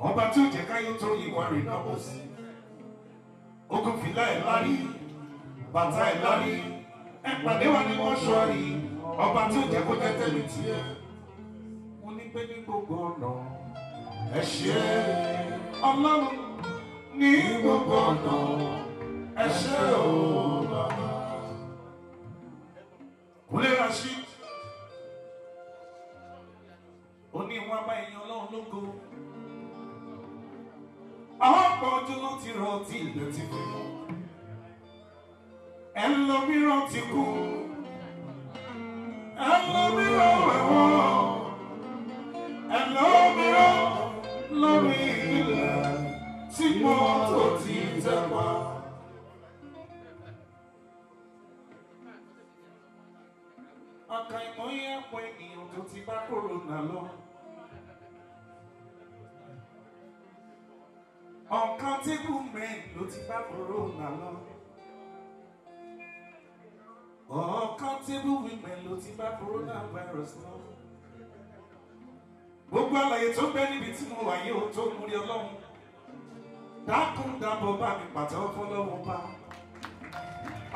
ọba tí ó jẹ́ káyé tó ìwà rẹ̀ náwó sí ogun fìlà ẹ̀ lárí bàtà ẹ̀ lárí ẹ̀ pàdé wa ní mọ́ṣúárì ọba tí ó jẹ́ kó jẹ́ tẹ̀lé tiẹ̀ mo ní pé ní gbogbo ọ̀nà ẹ ṣé ọlọ́run ní gbogbo ọ̀nà ẹ ṣé o bàbá kúlẹ̀ rashid ó ní wọn bá ẹyin ọlọ́run lógo pọ́njú ló ti rántí ìlú ti fi mú ẹlòmíràn ti kú ẹlòmíràn wẹ̀wọ̀n ẹlòmíràn lórí ilẹ̀ tí mọ́tò ti tẹ̀ wá. ọkàn ìmọ̀ yẹn pọ̀ ènìyàn tó ti bá kòrónà lọ. uncountable men ló ti bá corona lọ. uncountable women ló ti bá coronavirus lọ. gbogbo àlàyé tó bẹ níbi tí mo wà yìí ó tó múrí ọlọ́run dákun dábọ̀ bá mi pàtẹ́wọ́ fọlọ́wọ́ bá.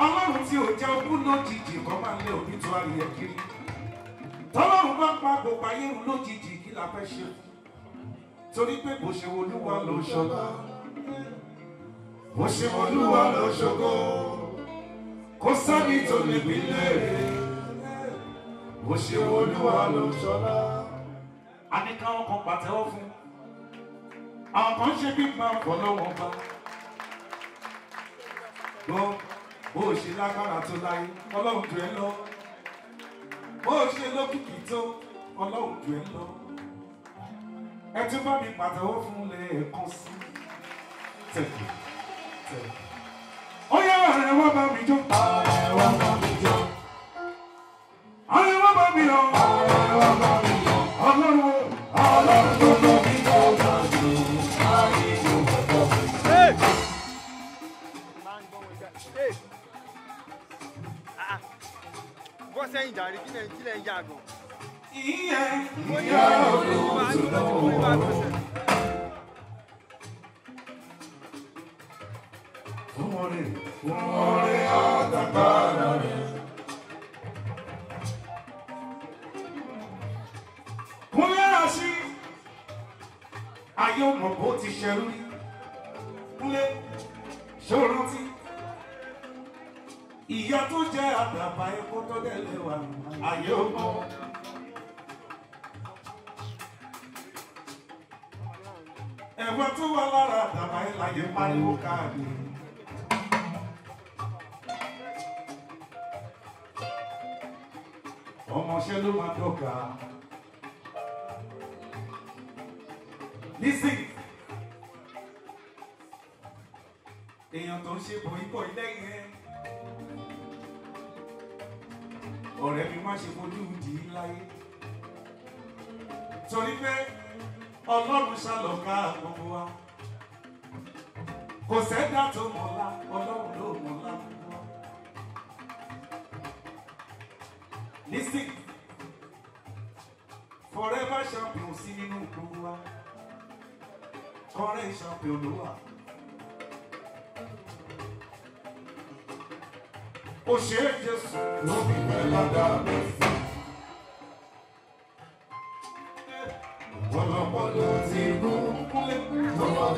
ọlọ́run tí ò jẹ́ ogún lójijì kọ́ máa ń lé òbí tó àríyẹ kiri. tọ́lọ́run bá pa gbogbo ayé lójijì kí la fẹ́ ṣe fún torí pé bó ṣe olúwa ló ṣọlá bó ṣe olúwa ló ṣògo kò sẹ́ni tó lè bí léèrè bó ṣe olúwa ló ṣọlá. a ní káwọn kan pàtẹ́wọ́ fún àwọn kan ṣe bí máa ń fọ́ lọ́wọ́ bá gbọ́ bó ṣe lágbára tó láyé ọlọ́run jù ẹ́ lọ bó ṣe lókìkí tó ọlọ́run jù ẹ́ lọ ẹ tún bá mi pàtẹ́wọ́ fún lẹ́ẹ̀kan sí tẹ̀kù tẹ̀kù. ó yẹ ọ̀rẹ́ wá bá bá mi jó. ọ̀rẹ́ wá bá ìyẹn ìyá olùwà Umore, umore atakanare. Kúnlẹ̀ àṣì, ayé ọmọ bó ti ṣẹrú rí. Kúnlẹ̀ ṣé o rántí? Ìyá tó jẹ́ àdàbà ẹ̀kọ́ tó dẹ̀ lẹ́wà, ayé ọmọ. ẹ̀wọ́n tó wà lára àdàbà yìí láyé pariwo káàkiri. ọmọọṣẹ́ ló máa dọ́gba. Listen. èèyàn tó ń ṣe bọ̀yìnbọ̀ lẹ́yìn ẹ̀. ọ̀rẹ́ mi má ṣe fojú dì í láyé. torí pé ọlọ́run ṣàlọ́ká gbogbo wa kò sẹ́dá tó mọ̀lá ọlọ́run ló mọ̀lá. Listen forever champion sí nínú gbogbo wa current champion ló wà. Ó ṣe é Jésù. Lóbi pẹ̀lú àdá mi fún.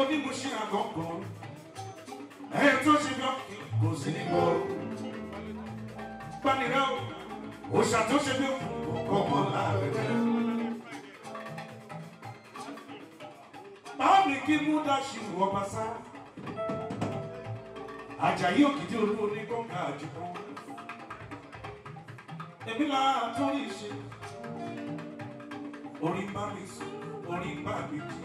onímọ̀ṣẹ́ àgọ́gàn ẹ̀ tó ṣe lọ kò sí nígbò gbanirẹ́ o òṣà tó ṣe lé ọkọ̀ mọ́ láàrẹ̀. báwo ni kí múdàṣì wọ bá sá Àjàyí Òkìtì olú onígbọ̀ngàn àjùkọ́ èmi láàtọ́ rí ṣe orí bá mi sùn orí bá mi jù.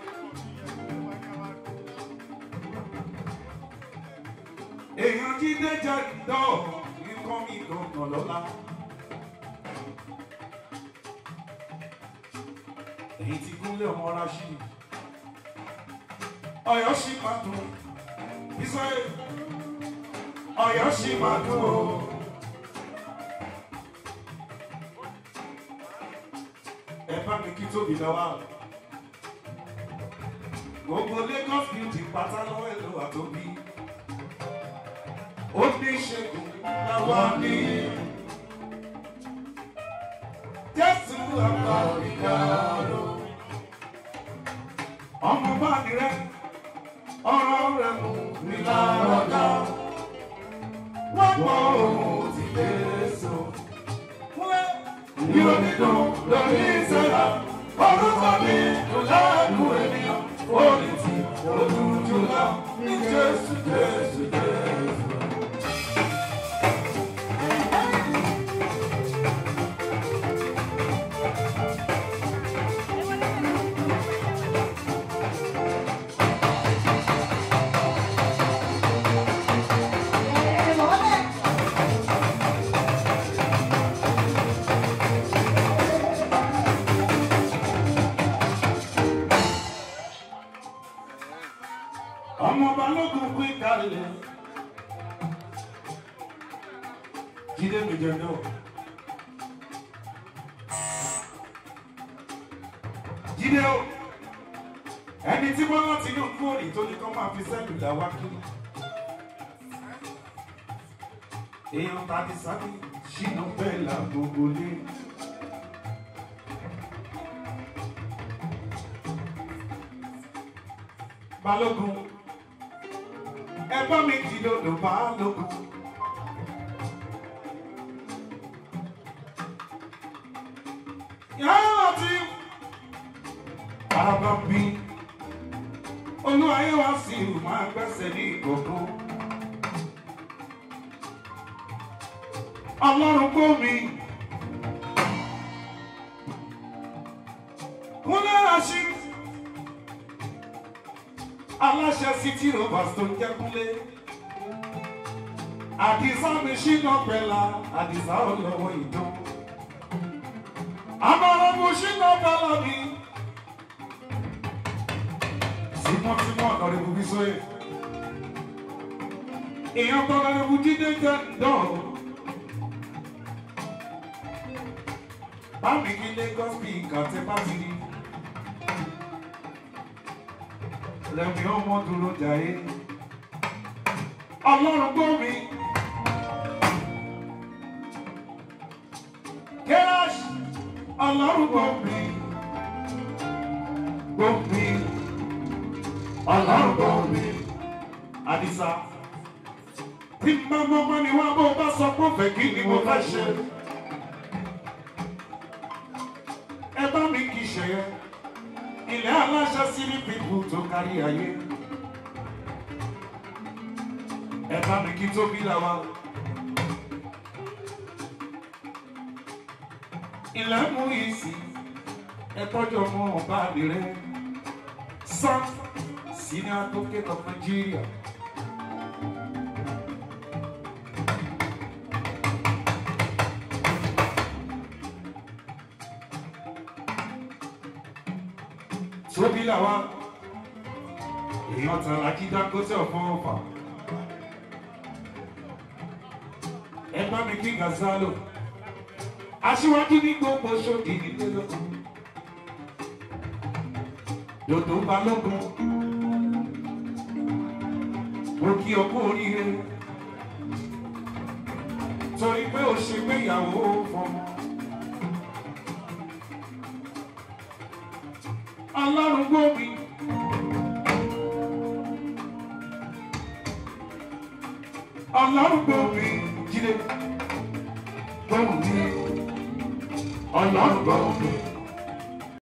èèyàn jíde jẹ́ ìdán nǹkan mi gbọ̀ngàn lọ́la. èyí ti gúnlẹ̀ ọmọ rásì ọ̀yọ́ sì máa dùn israel ọ̀yọ́ sì máa dùn o. ẹ bá mi kí tóbi lọ́wọ́ gbogbo lagos beauty pátá lọ́wọ́ ẹ̀ lọ́wọ́ àtọ́bí oníṣègùn làwa ní. Jésù àbáríkà ló. Ọmọ báàgì rẹ̀, ọ̀rọ̀ rẹ̀ mú mi lára dá. Wọ́n gbọ́ ohun ti Jésù. Yóò dídùn lórí mi kò balógun kú ìkàlẹ̀. Jídé mi jẹ náà. Jídé o, ẹni tí wọ́n rántí inú kú òní tó ní kán máa fi sẹ́lù dá wá kí. Èèyàn tàbí sábì ṣìnà bẹ́ẹ̀ là gbogbo lé. Balógun ẹ bá mi ti dòdò bá lóko. yàrá àti bàbá bí olúwa yóò wá sí ìlú máa gbẹ́sẹ̀ ní ìkókó. ọlọ́run gbó mi. Kúnlẹ́ àṣírí aláṣẹ city rovers tó ń jẹ́ kúnlé àdìsá mi ṣínà pẹ̀lá àdìsá ọlọ́wọ́ ìdán àmọ́ràn mo ṣínà pẹ̀lá mi tímọ́tímọ́ ọ̀nàrẹ́bù bí sóyè èèyàn tó ọ̀nàrẹ́bù jíde jẹ́ dán bá mi kí Lagos bí nǹkan bá ti rí. lẹ́mi ọmọ dúró jàyé ọlọ́run gbọ́ mi. kẹ́láṣì ọlọ́run gbọ́ mi gbọ́ mi ọlọ́run gbọ́ mi. Àdìsá tí mọ́mọ́ mọ́ ni wá bó bá sọ pé òfè kí ni mo bá ṣe ẹ bá mi kì í ṣe yẹn ilẹ̀ aláṣẹ sílí pípù tó kárí ayé. Ẹ bá mi kí tóbi làwa. Ilẹ̀ mú ìsì ẹ tọ́jú ọmọ ọba mi rẹ̀. Sam, senior advocate of Nigeria. sóbí wa, èèyàn tààrà kí Dangote ọ̀fọ́n ọ̀fà ẹgbẹ́ mi kí Gazalo aṣíwájú ní gbogbo ṣókì nílé lọ́kùn dòdò balógun mo kí ọkọ oríire torí pé ó ṣe gbéyàwó fọmọ. ọlọ́run gbòmí. ọlọ́run gbòmí jíde gbòmí ọlọ́run gbòmí.